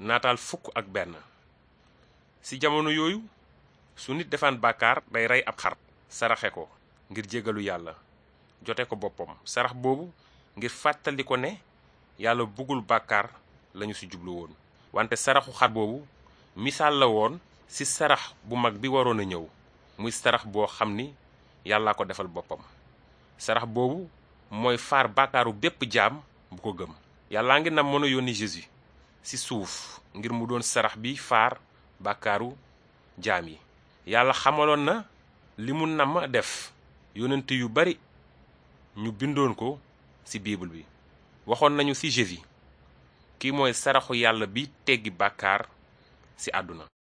naataal fukk ak benn ci jamono yooyu su nit defaan bàkkaar day rey ab xar saraxe ko ngir jégalu yàlla jote ko boppam sarax boobu ngir fàttali ko ne yàlla buggul bàkkaar lañu ci jublu woon wante saraxu xar boobu misaal la woon ci sarax bu mag bi waroon a ñëw muy sarax boo xam ni yàllaa ko defal boppam sarax boobu mooy faar bàkkaaru bépp jaam bu ko gëm yàllaa ngi nam mën a yónni Jésus ci suuf ngir mu doon sarax bi faar bàkkaaru jaam yi yàlla xamaloon na li mu namm def yonent yu bari ñu bindoon ko ci biibul bi waxoon nañu ci Jésus kii mooy saraxu yàlla bi teggi bàkkaar ci àdduna